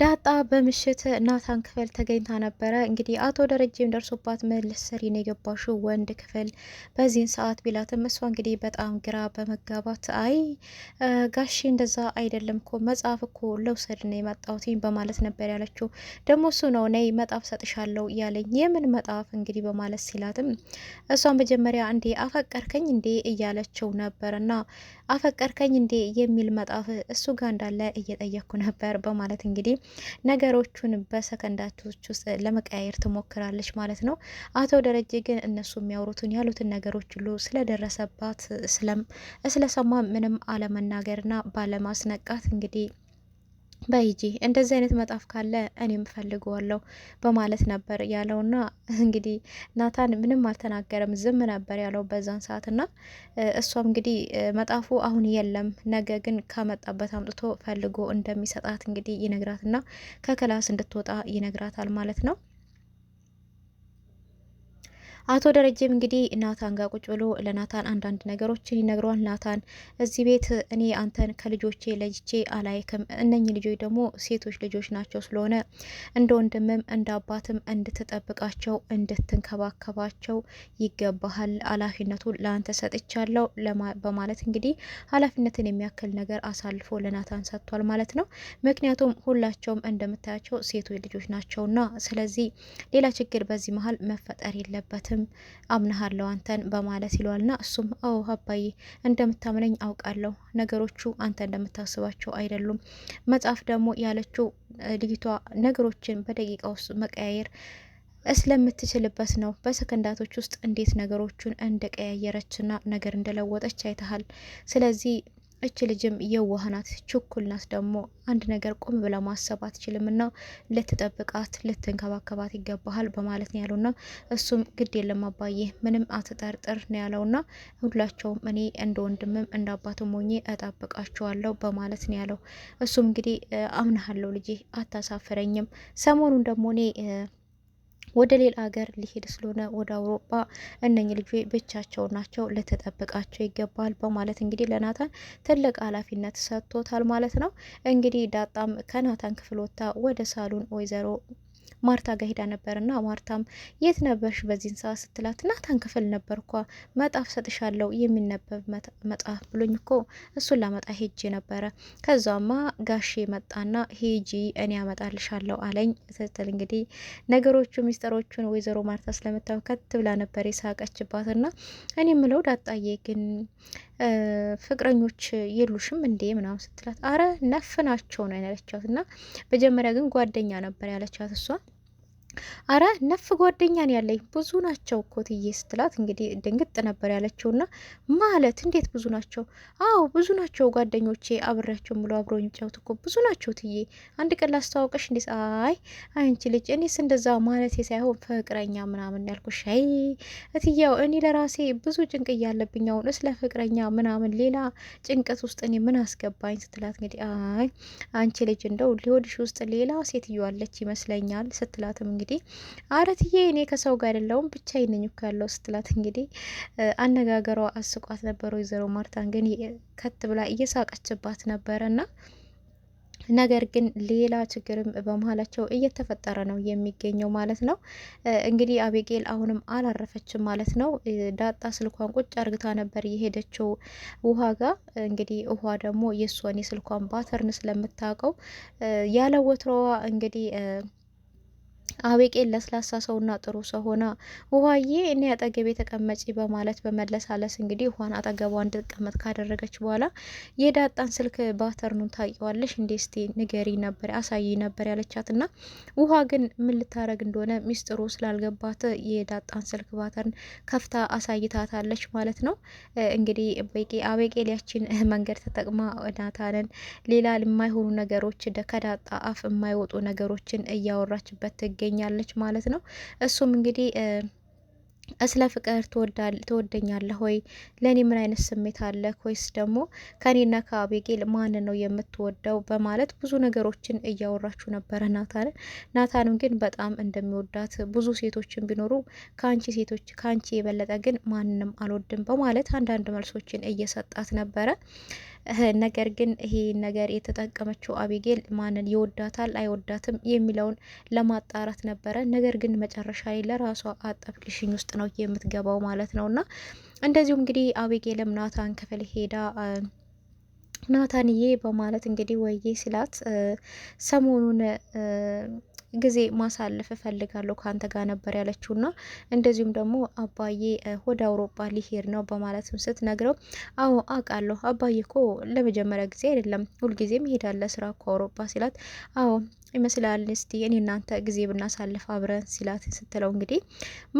ዳጣ በምሽት ናታን ክፍል ተገኝታ ነበረ። እንግዲህ አቶ ደረጀም ደርሶባት መልስ ሰሪ ነው የገባሹ ወንድ ክፍል በዚህን ሰዓት ቢላትም እሷ እንግዲህ በጣም ግራ በመጋባት አይ ጋሺ እንደዛ አይደለም ኮ መጽሐፍ እኮ ለውሰድ ነው የመጣሁትኝ በማለት ነበር ያለችው። ደግሞ እሱ ነው ነይ መጣፍ ሰጥሻለው እያለኝ የምን መጣፍ እንግዲህ በማለት ሲላትም እሷ መጀመሪያ እንዴ አፈቀርከኝ እንዴ እያለችው ነበርና አፈቀርከኝ እንዴ የሚል መጣፍ እሱ ጋር እንዳለ እየጠየቅኩ ነበር በማለት እንግዲህ ነገሮቹን በሰከንዳቶች ውስጥ ለመቀያየር ትሞክራለች ማለት ነው። አቶ ደረጀ ግን እነሱ የሚያወሩትን ያሉትን ነገሮች ሁሉ ስለደረሰባት ስለሰማ ምንም አለመናገርና ባለማስነቃት እንግዲህ በይጂ እንደዚህ አይነት መጣፍ ካለ እኔም ፈልገዋለሁ በማለት ነበር ያለውና እንግዲህ ናታን ምንም አልተናገረም፣ ዝም ነበር ያለው በዛን እና እሷም እንግዲህ መጣፉ አሁን የለም፣ ነገ ግን ከመጣበት አምጥቶ ፈልጎ እንደሚሰጣት እንግዲህ ይነግራትና ከክላስ እንድትወጣ ይነግራታል ማለት ነው። አቶ ደረጀም እንግዲህ ናታን ጋር ቁጭ ብሎ ለናታን አንዳንድ ነገሮችን ይነግረዋል። ናታን እዚህ ቤት እኔ አንተን ከልጆቼ ለይቼ አላይክም። እነኚህ ልጆች ደግሞ ሴቶች ልጆች ናቸው። ስለሆነ እንደ ወንድምም እንደ አባትም እንድትጠብቃቸው እንድትንከባከባቸው ይገባሃል። ኃላፊነቱ ለአንተ ሰጥቻለሁ በማለት እንግዲህ ኃላፊነትን የሚያክል ነገር አሳልፎ ለናታን ሰጥቷል ማለት ነው። ምክንያቱም ሁላቸውም እንደምታያቸው ሴቶች ልጆች ናቸውና፣ ስለዚህ ሌላ ችግር በዚህ መሀል መፈጠር የለበትም አልክድም አምናሃለሁ አንተን በማለት ና እሱም አዎ አባዬ እንደምታምነኝ አውቃለሁ፣ ነገሮቹ አንተ እንደምታስባቸው አይደሉም። መጽሐፍ ደግሞ ያለችው ልጅቷ ነገሮችን በደቂቃ ውስጥ መቀያየር ስለምትችልበት ነው። በሰከንዳቶች ውስጥ እንዴት ነገሮቹን እንደቀያየረችና ነገር እንደለወጠች አይተሃል። ስለዚህ እች ልጅም የዋህናት ችኩልናት ደግሞ አንድ ነገር ቆም ብላ ማሰብ አትችልም ና ልትጠብቃት ልትንከባከባት ይገባሃል በማለት ነው ያለው ና እሱም ግድ የለም አባዬ ምንም አትጠርጥር ነው ያለው ና ሁላቸውም እኔ እንደ ወንድምም እንደ አባትም ሆኜ እጠብቃቸዋለሁ በማለት ነው ያለው እሱም እንግዲህ አምናሃለሁ ልጄ አታሳፍረኝም ሰሞኑን ደግሞ እኔ ወደ ሌላ ሀገር ሊሄድ ስለሆነ ወደ አውሮፓ እነኝ ልጆች ብቻቸው ናቸው፣ ልትጠብቃቸው ይገባል በማለት እንግዲህ ለናታን ትልቅ ኃላፊነት ሰጥቶታል ማለት ነው። እንግዲህ ዳጣም ከናታን ክፍል ወጥታ ወደ ሳሎን ወይዘሮ ማርታ ጋር ሄዳ ነበር እና ማርታም የት ነበርሽ በዚህን ሰዓት ስትላት ናታን ክፍል ነበር እኳ መጣፍ ሰጥሻለው የሚነበብ መጽሐፍ ብሎኝ እኮ እሱን ላመጣ ሄጄ ነበረ። ከዛማ ጋሼ መጣና ሄጂ እኔ ያመጣልሻለሁ አለኝ ስትል እንግዲህ ነገሮቹ ሚስጥሮቹን ወይዘሮ ማርታ ስለምታውከት ብላ ነበር የሳቀችባት። የሳቀችባትና እኔ ምለው ዳጣዬ ግን ፍቅረኞች የሉሽም እንዴ ምናምን ስትላት አረ ነፍ ናቸው ነው ያለቻት እና መጀመሪያ ግን ጓደኛ ነበር ያለቻት እሷ አረ ነፍ ጓደኛን ያለኝ ብዙ ናቸው እኮ ትዬ ስትላት እንግዲህ ድንግጥ ነበር ያለችው። ና ማለት እንዴት ብዙ ናቸው? አዎ ብዙ ናቸው ጓደኞቼ አብሬያቸው ብሎ አብሮ የሚጫወት እኮ ብዙ ናቸው ትዬ፣ አንድ ቀን ላስተዋውቀሽ እንዴት? አይ አንቺ ልጅ፣ እኔስ እንደዛ ማለት ሳይሆን ፍቅረኛ ምናምን ያልኩሽ። አይ እትያው እኔ ለራሴ ብዙ ጭንቅ እያለብኝ አሁን ስለ ፍቅረኛ ምናምን ሌላ ጭንቀት ውስጥ እኔ ምን አስገባኝ ስትላት እንግዲህ አይ አንቺ ልጅ እንደው ሊሆድሽ ውስጥ ሌላ ሴትዮ አለች ይመስለኛል ስትላትም እንግዲህ እንግዲህ አረትዬ እኔ ከሰው ጋር አይደለሁም ብቻዬን ነኝ እኮ ያለው ስትላት እንግዲህ አነጋገሯ አስቋት ነበር። ወይዘሮ ማርታን ግን ከት ብላ እየሳቀችባት እና ነገር ግን ሌላ ችግርም በመሀላቸው እየተፈጠረ ነው የሚገኘው ማለት ነው። እንግዲህ አቤጌል አሁንም አላረፈችም ማለት ነው። ዳጣ ስልኳን ቁጭ አርግታ ነበር የሄደችው ውሃ ጋር። እንግዲህ ውሃ ደግሞ የእሷን የስልኳን ባተርን ስለምታውቀው ያለ ወትሮዋ እንግዲህ አቤቄን ለስላሳ ሰውና ጥሩ ሰው ሆና ውሃዬ እኔ አጠገቤ ተቀመጪ በማለት በመለሳለስ እንግዲህ ውሃን አጠገቧ እንድትቀመጥ ካደረገች በኋላ የዳጣን ስልክ ባተርኑን ታውቂዋለሽ እንዴ? እስቲ ንገሪ ነበር አሳይ ነበር ያለቻት እና ውሃ ግን ምን ልታረግ እንደሆነ ሚስጥሩ ስላልገባት የዳጣን ስልክ ባተርን ከፍታ አሳይታታለች ማለት ነው። እንግዲህ በቄ አቤቄ ሊያችን መንገድ ተጠቅማ ናታንን ሌላ የማይሆኑ ነገሮች ከዳጣ አፍ የማይወጡ ነገሮችን እያወራችበት ትገኛል። ትገኛለች ማለት ነው። እሱም እንግዲህ ስለ ፍቅር ትወደኛለህ ወይ? ለእኔ ምን አይነት ስሜት አለ? ወይስ ደግሞ ከኔና ከአቤጌል ማን ነው የምትወደው? በማለት ብዙ ነገሮችን እያወራችሁ ነበረ ናታን ናታንም ግን በጣም እንደሚወዳት ብዙ ሴቶችን ቢኖሩ ከአንቺ ሴቶች ከአንቺ የበለጠ ግን ማንንም አልወድም በማለት አንዳንድ መልሶችን እየሰጣት ነበረ። ነገር ግን ይሄ ነገር የተጠቀመችው አቤጌል ማንን ይወዳታል አይወዳትም የሚለውን ለማጣራት ነበረ። ነገር ግን መጨረሻ ላይ ለራሷ አጣብቂኝ ውስጥ ነው የምትገባው ማለት ነውና እንደዚሁም እንግዲህ አቤጌልም ናታን ክፍል ሄዳ ናታንዬ በማለት እንግዲህ ወዬ ስላት ሰሞኑን ጊዜ ማሳለፍ እፈልጋለሁ ከአንተ ጋር ነበር ያለችውና እንደዚሁም ደግሞ አባዬ ወደ አውሮፓ ሊሄድ ነው በማለትም ስትነግረው አዎ አውቃለሁ አባዬ እኮ ለመጀመሪያ ጊዜ አይደለም ሁልጊዜም ይሄዳል ስራ እኮ አውሮፓ ሲላት አዎ ይመስላል እስቲ እኔ እናንተ ጊዜ ብናሳልፍ አብረን ሲላት ስትለው እንግዲህ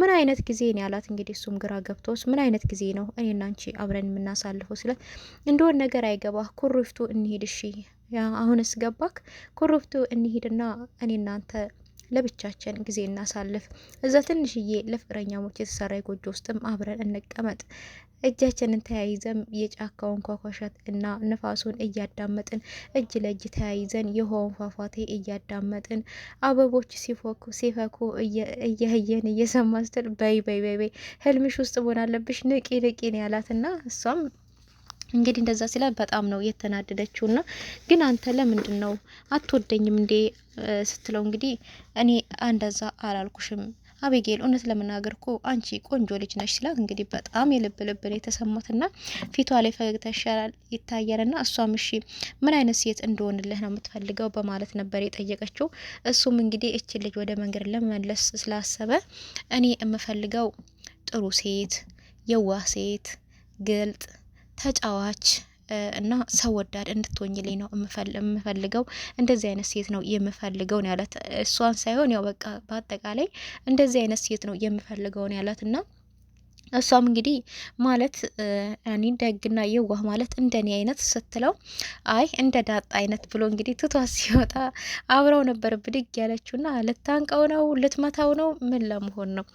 ምን አይነት ጊዜ ነው ያላት። እንግዲህ እሱም ግራ ገብቶስ ምን አይነት ጊዜ ነው እኔ እናንቺ አብረን የምናሳልፈው ሲላት እንደሆን ነገር አይገባ ኩሪፍቱ እንሄድ እሺ ያ አሁንስ ገባክ? ኮረብቱ እንሂድና እኔ እናንተ ለብቻችን ጊዜ እናሳልፍ። እዛ ትንሽዬ ለፍቅረኛሞች የተሰራ ጎጆ ውስጥም አብረን እንቀመጥ። እጃችንን ተያይዘን የጫካውን ኳኳሻት እና ንፋሱን እያዳመጥን እጅ ለእጅ ተያይዘን የውሃውን ፏፏቴ እያዳመጥን አበቦች ሲፎኩ ሲፈኩ እያየን እየሰማ ስትል በይ በይ በይ በይ ህልምሽ ውስጥ መሆን አለብሽ፣ ንቂ ንቂ ነው ያላት እና እሷም እንግዲህ እንደዛ ሲላ በጣም ነው የተናደደችውና ግን አንተ ለምንድን ነው አትወደኝም እንዴ ስትለው እንግዲህ እኔ እንደዛ አላልኩሽም አቤጌል እውነት ለመናገር እኮ አንቺ ቆንጆ ልጅ ነሽ ሲላት እንግዲህ በጣም የልብ ልብ የተሰማትና ፊቷ ላይ ፈገግታ ይሻላል ይታያልና እሷም እሺ ምን አይነት ሴት እንደሆንልህ ነው የምትፈልገው በማለት ነበር የጠየቀችው። እሱም እንግዲህ እችን ልጅ ወደ መንገድ ለመመለስ ስላሰበ እኔ የምፈልገው ጥሩ ሴት፣ የዋህ ሴት፣ ግልጥ ተጫዋች እና ሰው ወዳድ እንድትሆኝልኝ ነው የምፈልገው። እንደዚህ አይነት ሴት ነው የምፈልገው ነው ያላት። እሷን ሳይሆን ያው በቃ በአጠቃላይ እንደዚህ አይነት ሴት ነው የምፈልገው ነው ያላት እና እሷም እንግዲህ ማለት እኔ ደግና የዋህ ማለት እንደኔ አይነት ስትለው አይ እንደ ዳጣ አይነት ብሎ እንግዲህ ትቷ ሲወጣ አብረው ነበር ብድግ ያለችውና ልታንቀው ነው ልትመታው ነው ምን ለመሆን ነው?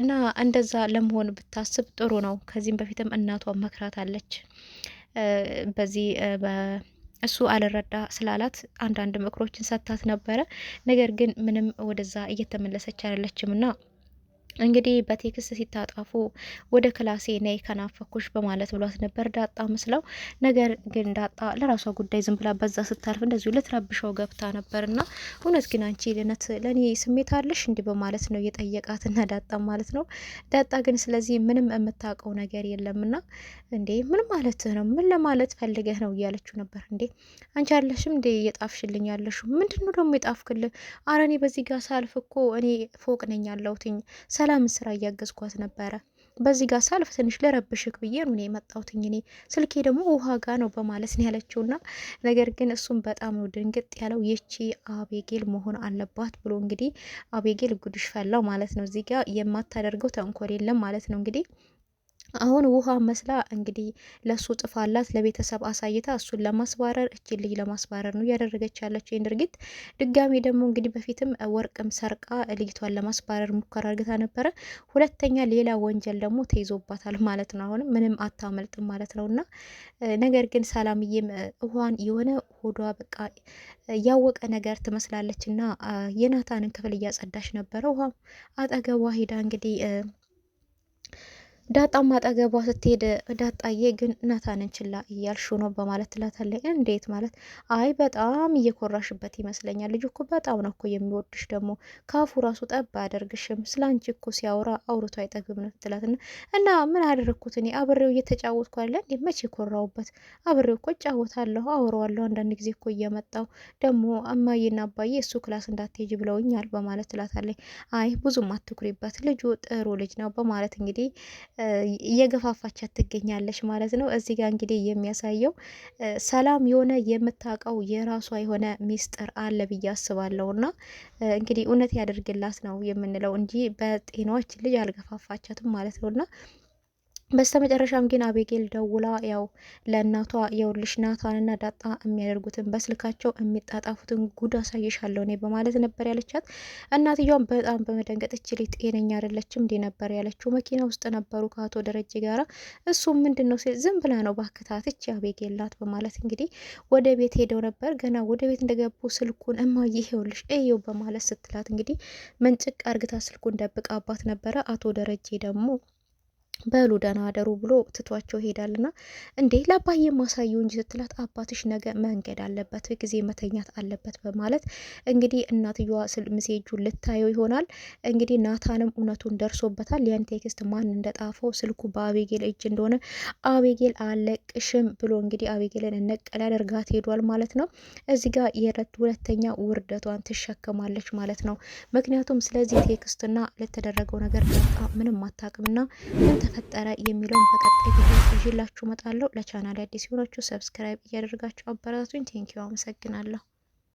እና እንደዛ ለመሆን ብታስብ ጥሩ ነው። ከዚህም በፊትም እናቷ መክራት አለች በዚህ እሱ አልረዳ ስላላት አንዳንድ ምክሮችን ሰጥታት ነበረ። ነገር ግን ምንም ወደዛ እየተመለሰች አይደለችም ና እንግዲህ በቴክስት ሲታጣፉ ወደ ክላሴ ነይ ከናፈኩሽ በማለት ብሏት ነበር ዳጣ ምስለው። ነገር ግን ዳጣ ለራሷ ጉዳይ ዝም ብላ በዛ ስታልፍ እንደዚሁ ልትረብሸው ገብታ ነበርና እውነት ግን አንቺ ልነት ለእኔ ስሜት አለሽ እንዲህ በማለት ነው ና ዳጣ ማለት ነው። ዳጣ ግን ስለዚህ ምንም የምታውቀው ነገር የለምና እንዴ ምን ማለት ነው? ምን ለማለት ፈልገህ ነው? እያለችው ነበር። እንዴ አንቺ አለሽም እንዴ እየጣፍሽልኝ ያለሽ ምንድን ነው ደግሞ የጣፍክልህ? አረ እኔ በዚህ ጋር ሳልፍ እኮ እኔ ፎቅ ነኝ ያለሁትኝ ሰላምን ስራ እያገዝኳት ነበረ። በዚህ ጋር ሳልፍ ትንሽ ልረብሽክ ብዬ ነው እኔ የመጣሁትኝ እኔ ስልኬ ደግሞ ውሃ ጋ ነው በማለት ነው ያለችውና ነገር ግን እሱም በጣም ነው ድንግጥ ያለው። ይቺ አቤጌል መሆን አለባት ብሎ እንግዲህ አቤጌል ጉድሽ ፈላው ማለት ነው። እዚህ ጋር የማታደርገው ተንኮል የለም ማለት ነው እንግዲህ አሁን ውሃ መስላ እንግዲህ ለሱ ጥፋላት ለቤተሰብ አሳይታ እሱን ለማስባረር እች ልጅ ለማስባረር ነው እያደረገች ያለችው ይህን ድርጊት። ድጋሚ ደግሞ እንግዲህ በፊትም ወርቅም ሰርቃ ልጅቷን ለማስባረር ሙከራ አርግታ ነበረ። ሁለተኛ ሌላ ወንጀል ደግሞ ተይዞባታል ማለት ነው። አሁንም ምንም አታመልጥም ማለት ነው እና ነገር ግን ሰላምዬም ውሃን የሆነ ሆዷ በቃ ያወቀ ነገር ትመስላለች እና የናታንን ክፍል እያጸዳች ነበረ። ውሃ አጠገቧ ሄዳ እንግዲህ ዳጣም አጠገቧ ስትሄድ ዳጣዬ ግን ናታንን ችላ እያልሽው ነው በማለት ትላታለች። እንዴት ማለት? አይ በጣም እየኮራሽበት ይመስለኛል። ልጅ እኮ በጣም ነው እኮ የሚወድሽ፣ ደግሞ ካፉ ራሱ ጠብ አያደርግሽም። ስላንቺ እኮ ሲያወራ አውርቶ አይጠግብ ነው ትላትና እና ምን አደረግኩት እኔ አብሬው እየተጫወትኩ አለ እንዴ? መቼ ኮራውበት? አብሬው እኮ እጫወታለሁ፣ አውረዋለሁ። አንዳንድ ጊዜ እኮ እየመጣው ደግሞ እማዬና አባዬ እሱ ክላስ እንዳትሄጅ ብለውኛል በማለት ትላታለች። አይ ብዙም አትኩሪበት፣ ልጁ ጥሩ ልጅ ነው በማለት እንግዲህ እየገፋፋቻት ትገኛለች ማለት ነው። እዚህ ጋር እንግዲህ የሚያሳየው ሰላም የሆነ የምታውቀው የራሷ የሆነ ሚስጥር አለ ብዬ አስባለሁ። እና እንግዲህ እውነት ያደርግላት ነው የምንለው እንጂ በጤናዎች ልጅ አልገፋፋቻትም ማለት ነው እና በስተመጨረሻም ግን አቤጌል ደውላ ያው ለእናቷ የውልሽ ናታንና ዳጣ የሚያደርጉትን በስልካቸው የሚጣጣፉትን ጉድ አሳይሻለሁ እኔ በማለት ነበር ያለቻት። እናትየዋም በጣም በመደንገጥ እችል ጤነኛ አይደለችም እንዲ ነበር ያለችው። መኪና ውስጥ ነበሩ ከአቶ ደረጀ ጋር። እሱም ምንድን ነው ሲል ዝም ብላ ነው ባክታት እች አቤጌል ናት በማለት እንግዲህ ወደ ቤት ሄደው ነበር። ገና ወደ ቤት እንደገቡ ስልኩን እማዬ ይኸውልሽ እየው በማለት ስትላት እንግዲህ መንጭቅ አርግታ ስልኩን ደብቃባት ነበረ። አቶ ደረጀ ደግሞ በሉ ደህና አደሩ ብሎ ትቷቸው ሄዳልና፣ እንዴ ለአባዬ የማሳየው እንጂ ስትላት አባትሽ ነገ መንገድ አለበት ጊዜ መተኛት አለበት በማለት እንግዲህ እናትየዋ ስል ምሴጁ ልታየው ይሆናል። እንግዲህ ናታንም እውነቱን ደርሶበታል። ያን ቴክስት ማን እንደጣፈው ስልኩ በአቤጌል እጅ እንደሆነ አቤጌል አለቅሽም ብሎ እንግዲህ አቤጌልን እነቀል ያደርጋት ሄዷል ማለት ነው። እዚህ ጋር የረት ሁለተኛ ውርደቷን ትሸከማለች ማለት ነው። ምክንያቱም ስለዚህ ቴክስትና ለተደረገው ነገር ምንም አታውቅምና ተፈጠረ የሚለውን በቀጣይ ቪዲዮ ይዤላችሁ እመጣለሁ። ለቻናል አዲስ የሆናችሁ ሰብስክራይብ እያደረጋችሁ አበረታቱኝ። ቴንኪው አመሰግናለሁ።